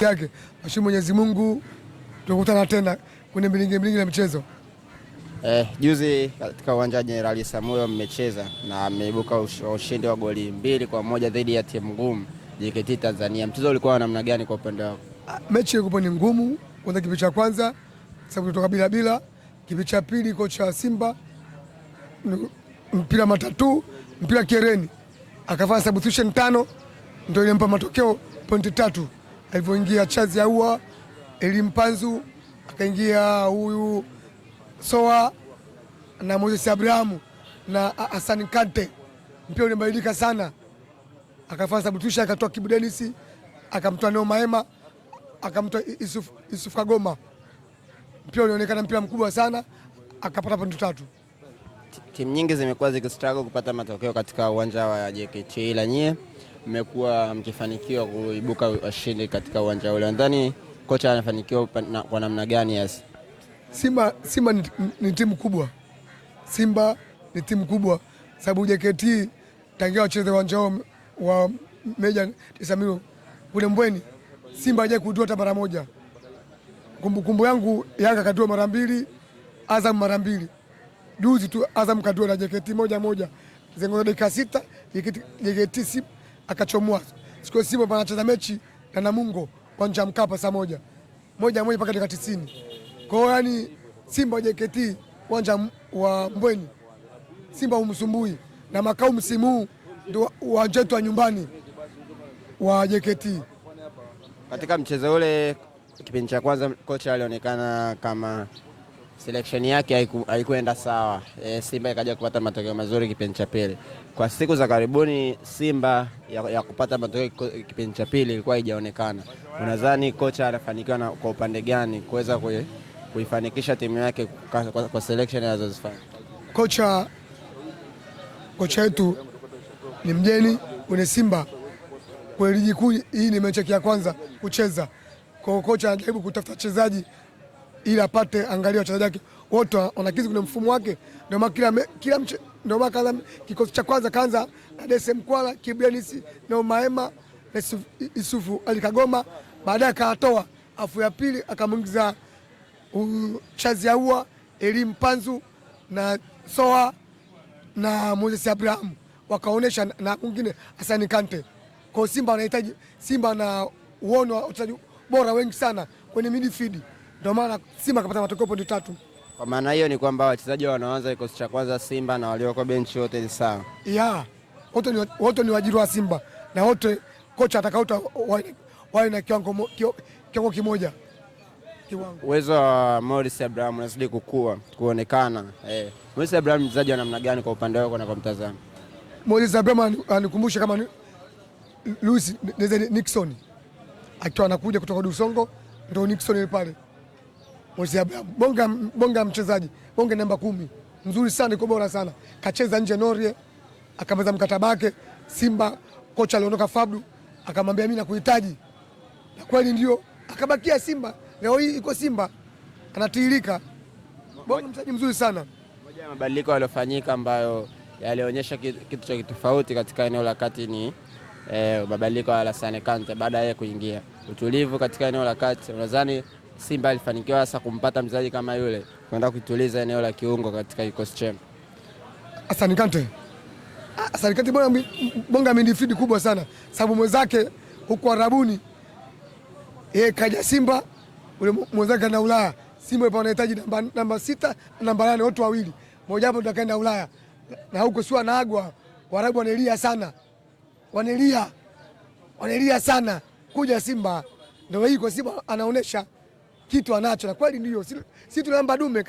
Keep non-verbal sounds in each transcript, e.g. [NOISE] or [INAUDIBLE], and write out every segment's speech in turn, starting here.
peke yake. Nashukuru Mwenyezi Mungu, tukutana tena kwenye mbilingi mbilingi na michezo. Eh, juzi katika uwanja wa Jenerali Samuel mmecheza na mmeibuka ushindi wa goli mbili kwa moja dhidi ya timu ngumu JKT Tanzania. Mchezo ulikuwa namna gani kwa upande wako? Ah, mechi ilikuwa ni ngumu, kwanza kipindi cha kwanza sababu tutoka bila bila, kipindi cha pili kocha wa Simba mpira matatu mpira kereni akafanya substitution tano, ndio ilimpa matokeo pointi tatu alivyoingia chazi ya ua elimpanzu akaingia huyu soa na Moses Abrahamu na Hassan Kante, mpira ulibadilika sana, akafanya sabutusha, akatoa Kibu Dennis, akamtoa Neo Maema, akamtoa Yusuf Yusuf Kagoma. Mpira ulionekana mpira mkubwa sana, akapata pointi tatu. Timu nyingi zimekuwa zikistruggle kupata matokeo katika uwanja wa JKT, ila nyie mmekuwa mkifanikiwa kuibuka washindi katika uwanja ule. Nadhani kocha anafanikiwa kwa namna gani? Yes. Simba, Simba ni, ni timu kubwa. Simba ni timu kubwa sababu JKT tangia wacheze uwanja wa Meja Tisamilo kule Mbweni, Simba hajawahi kutua hata mara moja. Kumbukumbu yangu Yanga katua mara mbili, Azam mara mbili. Juzi tu Azam katua na JKT moja moja, zengo dakika sita JKT akachomwa. Siku hiyo Simba panacheza mechi na Namungo uwanja Mkapa saa moja moja moja mpaka dakika tisini. Kwa hiyo yani Simba JKT uwanja wa Mbweni, Simba humsumbui na makao msimu huu ndio uwanja wetu wa nyumbani wa JKT. Katika mchezo ule kipindi cha kwanza kocha alionekana kama selection yake haikuenda sawa e, Simba ikaja kupata matokeo mazuri kipindi cha pili. Kwa siku za karibuni Simba ya, ya kupata matokeo kipindi cha pili ilikuwa haijaonekana. Unadhani kocha anafanikiwa na kwa upande gani kuweza kuifanikisha timu yake kwa, kwa, kwa selection anazozifanya? Kocha kocha wetu ni mgeni kwenye Simba kwa ligi kuu. Hii ni mechi ya kwanza kucheza kwa kocha anajaribu kutafuta wachezaji ili apate angalia wachezaji wake wote wanakizi kwenye mfumo wake. Ndio maana kila ndio maana kaanza kikosi cha kwanza kaanza na Dese Mkwala, Kibrenisi na Maema na Isufu Alikagoma, baadaye akatoa afu ya pili akamwingiza Chaziaua, Elimu Panzu na Soa na Moses Abraham wakaonesha na mwingine Hassan Kante. Kwa Simba wanahitaji Simba na uono wachezaji bora wengi sana kwenye midfield ndio maana Simba kapata matokeo pointi tatu. Kwa maana hiyo ni kwamba wachezaji wanaanza kikosi cha kwanza Simba na walioko benchi wote ni sawa, yeah, wote ni waajiri wa Simba na wote kocha atakauta wawe na kiwango kimoja. Uwezo wa Morris Abraham unazidi kukua kuonekana. Eh, Morris Abraham mchezaji wa namna gani kwa upande wako na kwa mtazamo? Morris Abraham anikumbusha kama Louis Nixon akiwa anakuja kutoka Dusongo, ndio Nixon pale bonga, bonga mchezaji bonga namba kumi mzuri sana, iko bora sana, kacheza nje Norie akamaliza mkataba wake Simba. Kocha aliondoka Fabdu akamwambia mimi nakuhitaji, na kweli ndio akabakia Simba. Leo hii iko Simba, anatiririka bonga, mchezaji mzuri sana. Moja ya mabadiliko yaliyofanyika ambayo yalionyesha kitu cha kitofauti katika eneo la kati ni eh, mabadiliko ya Alassane Kante baada ya kuingia, utulivu katika eneo la kati, unadhani Simba alifanikiwa hasa kumpata mchezaji kama yule kwenda kutuliza eneo la kiungo katika kikosi chenu. Asante Kante. Asante ah, Kante bonga bonga midfield kubwa sana sababu mwenzake huko Arabuni yeye kaja Simba ule mwenzake na Ulaya. Simba ipo anahitaji namba, namba sita na namba nane watu wawili. Mmoja hapo ndo Ulaya. Na huko si wanaagwa, Waarabu wanalia sana. wanelia wanelia sana kuja Simba. Ndio hii kwa Simba anaonesha kitu anacho, na kweli ndio si tuna namba dume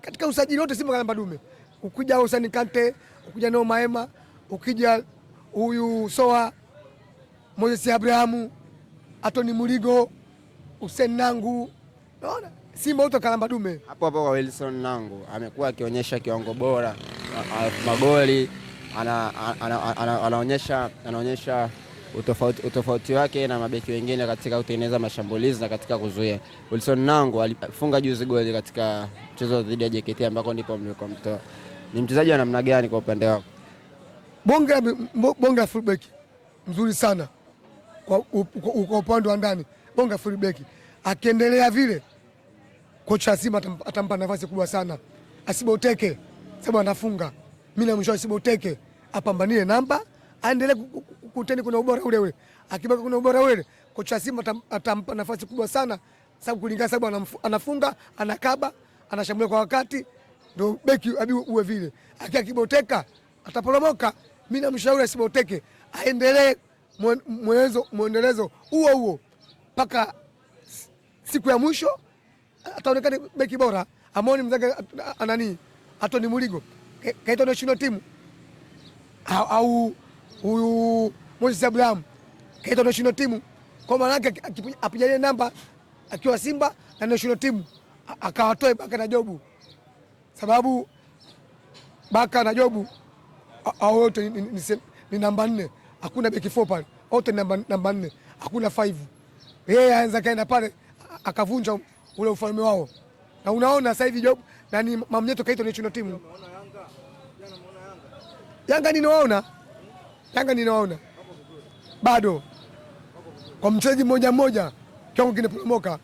katika usajili wote. Simba namba dume, ukija Hussein Kante, ukija Neo Maema, ukija huyu Soa, Moses Abrahamu, Atoni Murigo, Hussein Nangu, naona Simba wote namba dume. Hapo hapo kwa Wilson Nangu amekuwa akionyesha kiwango bora, magoli anaonyesha anaonyesha utofauti, utofauti wake na mabeki wengine katika kutengeneza mashambulizi na katika kuzuia. Wilson Nangu alifunga juzi goli katika mchezo dhidi ya JKT ambako ndipo mlikuwa mtoa. Ni mchezaji wa namna gani kwa upande wako? Bonge bonge la fullback mzuri sana kwa, kwa upande wa ndani bonge la fullback akiendelea vile, kocha Asima atampa nafasi kubwa sana asiboteke, sababu anafunga mimi na mwisho asiboteke, apambanie namba aendelee mkuteni kuna ubora ule ule, akibaki kuna ubora ule, kocha Simba atampa nafasi kubwa sana, sababu kulingana, sababu anafunga, anakaba, anashambulia kwa wakati, ndio beki abi uwe vile. Akia kiboteka ataporomoka. Mimi namshauri asiboteke, aendelee mwenezo mwendelezo huo huo mpaka siku ya mwisho, ataonekana beki bora. Amoni mzaga anani atoni muligo kaitwa national timu au huyu Moses Abraham kaitwa national team, kwa maana yake apiganie namba akiwa Simba na national team, akawatoe Baka na Jobu, sababu Baka na Jobu au wote ni, ni, ni, ni namba nne. Hakuna beki four pale, wote ni namba, namba nne, hakuna five. Yeye aanza kaenda pale akavunja ule ufalme wao, na unaona sasa hivi Jobu na ni mamnyeto kaitwa national team. Yanga ninaona, Yanga ninaona bado kwa mchezaji mmoja mmoja kiwango kinaporomoka.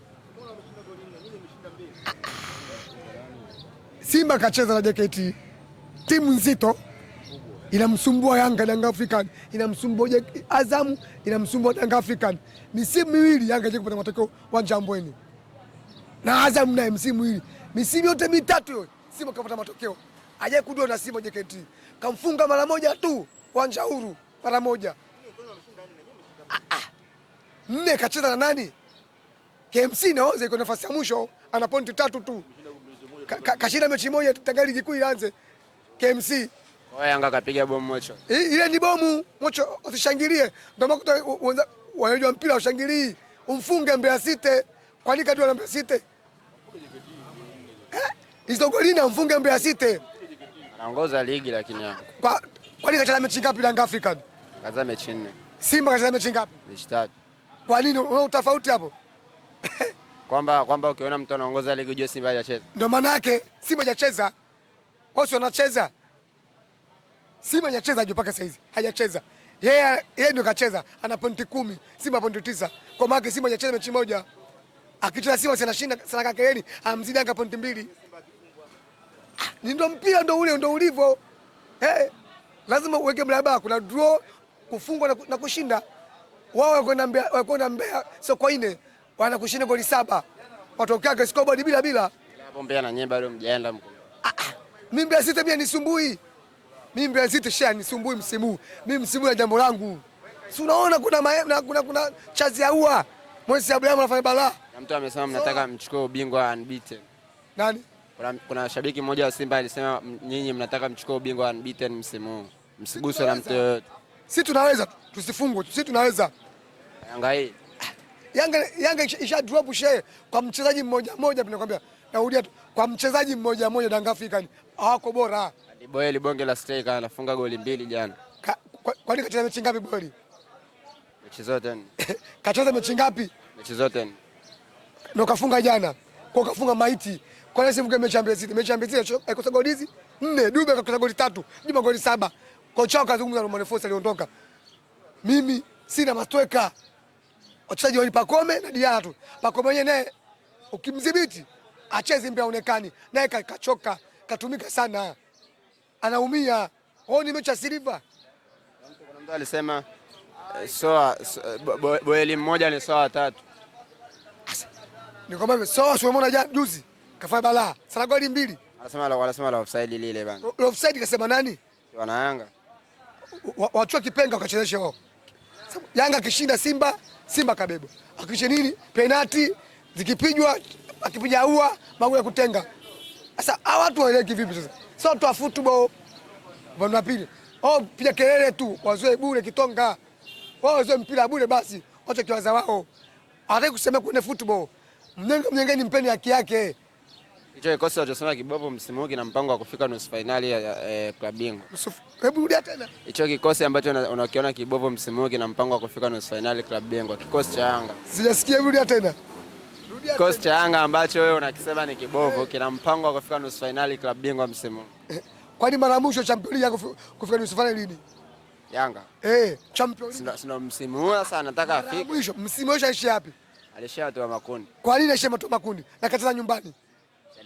Simba kacheza na JKT, timu nzito inamsumbua Yanga Yanga African, inamsumbua Azamu, inamsumbua Yanga African. Misimu miwili Yanga je kupata matokeo uwanja wa Mbweni na Azamu naye msimu miwili, misimu yote mitatu hiyo Simba kapata matokeo ajaye kudua na Simba JKT kamfunga mara moja tu uwanja huru mara moja nne kacheza na nani? KMC naoze iko nafasi ya mwisho, ana pointi tatu tu, kashinda mechi moja tangu ligi kuu ianze. KMC Yanga kapiga bomu mocho, ile ni bomu mocho, usishangilie. Ndio maana wanajua mpira ushangilii, umfunge Mbeya City. Kwani kati wana Mbeya City eh, na mfunge Mbeya City, anaongoza ligi lakini Yanga kwa kwani kacheza mechi ngapi? Yanga African kaza mechi nne, Simba kaza mechi ngapi? mechi tatu kwa nini una utofauti hapo? [LAUGHS] kwamba kwamba ukiona mtu anaongoza ligi ujue Simba hajacheza. Ndio maana yake Simba hajacheza. Wao si wanacheza. Simba hajacheza juu mpaka saizi. Hajacheza. Yeye yeah, yeye ndio kacheza, ana pointi kumi, Simba pointi tisa. Kwa maana Simba hajacheza mechi moja. Akicheza Simba si anashinda sana kaka yeni, amzidi anga pointi mbili. Ah, ni ndio mpira ndio ule ndio ulivyo. Eh. Hey, Lazima uweke mraba, kuna draw, kufungwa na, na kushinda wao wako wakwenda Mbeya soko ine wanakushinda goli saba, watokea scoreboard bila bila. Hapo na nyemba mjaenda mko. Mimi ah, ah. Mbeya sita mimi nisumbui, mimi Mbeya sita shia nisumbui msimu, mimi msimu ya jambo langu, si unaona kuna maema, kuna kuna chazi ya ua Mwezi Abraham anafanya balaa, na mtu amesema mnataka mchukue ubingwa unbeaten. Nani? Kuna, kuna shabiki mmoja wa Simba alisema nyinyi mnataka mchukue ubingwa unbeaten msimu, msiguswe na mtu yoyote si tunaweza tusifungwe, si tunaweza. Yanga hii Yanga, Yanga isha drop share kwa mchezaji mmoja mmoja, tunakwambia narudia tu, kwa mchezaji mmoja mmoja danga Afrika hawako bora. Boeli bonge la striker anafunga goli mbili jana. Kwani kacheza mechi ngapi Boeli? Mechi zote. [LAUGHS] Kacheza mechi ngapi? Mechi zote. Ndio kafunga jana. Kwa kafunga maiti. Kwa nini simfunge mechi ya Mbezi? Mechi ya Mbezi alikosa goli hizi nne, Dube akakosa goli tatu, Juma goli saba. Kocha wao kazungumza na Manifosi aliondoka. Mimi sina matweka. Wachezaji wao ni Pakome na Diara tu. Pakome yeye naye ukimdhibiti acheze mbele aonekani. Naye kachoka, katumika sana. Anaumia. Wao ni mecha Silver. Mtu alisema eh, soa boeli mmoja ni soa tatu. Nikwambia soa sio mbona juzi kafanya balaa. Sana goli mbili. Anasema wanasema la offside lile bana. Offside kasema nani? Wana Yanga wachua kipenga wakachezeshe wao. Yanga akishinda Simba, Simba kabebwa, akishe nini penati zikipigwa, akipiga ua magoli ya kutenga. Sasa hawa watu waeleki vipi? Sasa sio tu football bwana pili, oh piga kelele tu, wazoe bure kitonga wao, oh, wazoe mpira bure basi, wacho kiwaza wao, hataki kusema kwenye football. Mnyenga mnyenga ni mpeni haki yake. Hicho kikosi alichosema Kibovu msimu huu kina mpango wa kufika nusu fainali ya eh, klabu bingwa. Hebu rudia tena. Hicho kikosi ambacho unakiona Kibovu msimu huu kina mpango wa kufika nusu fainali klabu bingwa, kikosi cha Yanga. Sijasikia, hebu rudia tena. Kikosi cha Yanga ambacho wewe unakisema ni kibovu kina mpango wa kufika nusu fainali klabu bingwa msimu huu. Eh, kwani mara mwisho championi ya kufika nusu fainali lini? Yanga. Eh, champion. Sina sina msimu huu sasa nataka afike. Mwisho msimu huu shaishia wapi? Alishia watu wa makundi. Kwa nini alishia watu wa makundi? Na kacheza nyumbani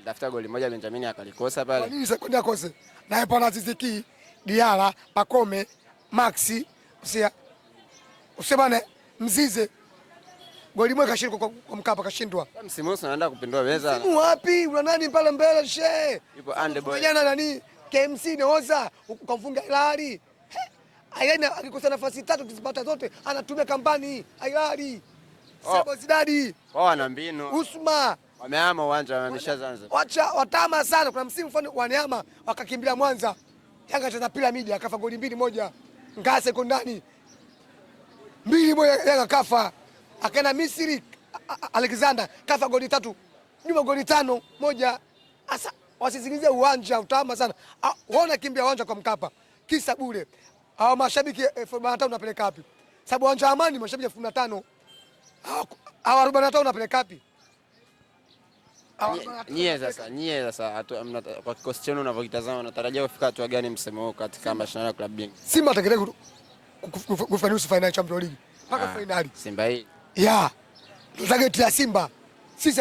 dafuta goli moja Benjamin akalikosa pale. Kwa nini sekondi akose? Na hapo na Ziziki, Diara, Pakome, Maxi, usia. Usibane mzize. Goli moja kashindwa kwa, kwa Mkapa kashindwa. Msimu huu unaenda kupindua meza. Msimu wapi? Una nani pale mbele she? Yupo ande boy. Jana nani? KMC inaoza ukamfunga Hilali. Aina akikosa nafasi tatu kizipata zote anatumia kampani Hilali. Sabo zidadi. Oh, ana mbinu. Usma wameama uwanja wananisha Zanzibar. Wacha watama sana. Kuna msimu fulani wanyama wakakimbia Mwanza. Yanga cheza piramidi akafa goli mbili moja. Ngase iko ndani. Mbili moja Yanga kafa. Akaenda Misri Alexander kafa goli tatu. Nyuma goli tano moja. Asa wasizingizie uwanja utama sana. Waona kimbia uwanja kwa Mkapa. Kisa bure. Hao mashabiki eh, elfu arobaini na tano unapeleka wapi? Sababu uwanja wa Amani mashabiki elfu arobaini na tano. Hao arobaini na tano unapeleka wapi? Nyie sasa, nyie sasa kwa kikosi chenu unavyokitazama, unatarajia kufika hatua gani msimu huu katika mashindano ya klabu bingwa? Simba ataendelea kufanusu final Champions League mpaka ah, finali. Simba hii ya target ya Simba sisi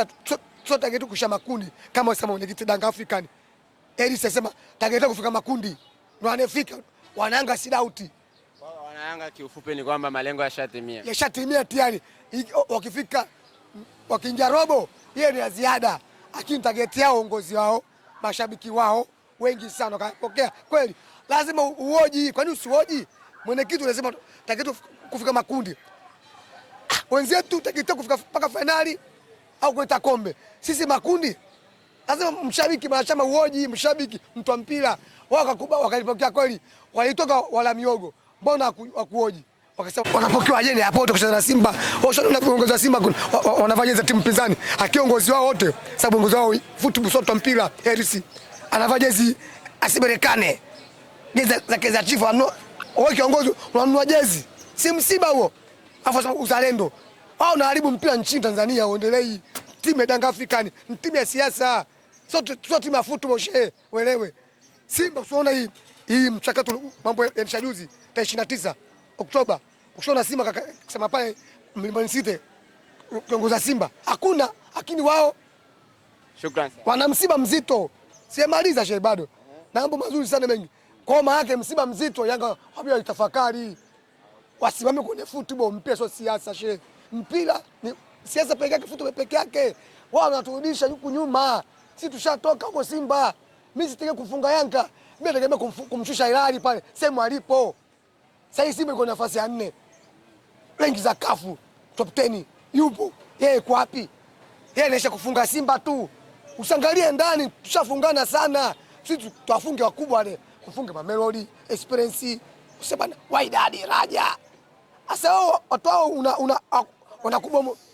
sio target kusha makundi kama sema mwenyekiti Danga African Eri sasema target kufika makundi ndio anafika wanaanga si doubt wanaanga. Kiufupi ni kwamba malengo yashatimia, yashatimia tayari. Wakifika wakiingia robo hiyo ni ya ziada, lakini mtagetea uongozi wao, mashabiki wao wengi sana wakapokea kweli. Lazima uoji, kwani usioji? Mwenyekiti lazima takitu kufika makundi, wenzetu takitu kufika mpaka fainali au kuleta kombe, sisi makundi lazima mshabiki, mwanachama uoji, mshabiki mtu wa mpira wao wakakubali, wakalipokea kweli, walitoka wala miogo, mbona wakuoji? wakasema wanapokewa ajeni hapo tukushana na Simba Wao shona kuongoza Simba wanavaa jezi timu pinzani, akiongozi wao wote, sababu viongozi wao football soto mpira herisi anavaa jezi asiberekane jezi za keza chifu anao wao kiongozi wanunua jezi si msiba huo, Afa uzalendo wao naharibu mpira nchini Tanzania uendelee. Timu ya Yanga Afrikani, timu ya siasa, Sote sote timu ya football she welewe. Simba usiona hii hii mchakato mambo ya juzi tarehe 29 Oktoba kushona Simba kaka, kusema pale Mlimani City kiongoza Simba hakuna, lakini wao shukrani, wana msiba mzito, siemaliza shehe bado na mambo mazuri sana mengi kwa maana yake msiba mzito. Yanga wapi itafakari, wasimame kwenye football mpira, sio siasa shehe. Mpira ni siasa peke yake, football peke yake. Wao wanaturudisha huku nyuma, sisi tushatoka huko. Simba mimi sitegemea kufunga Yanga, mimi nategemea kumshusha Hilali pale sehemu alipo sasa hii Simba iko nafasi ya nne Rangi za kafu top 10 yupo yeye, kwa wapi yeye? Anaisha kufunga Simba tu, usangalie ndani, tushafungana sana sisi. Tuwafunge wakubwa wale, kufunge Mamelodi Experience, usema Wydad Raja. Sasa wao watu wao una, una, una, una, una, una, una, una, una,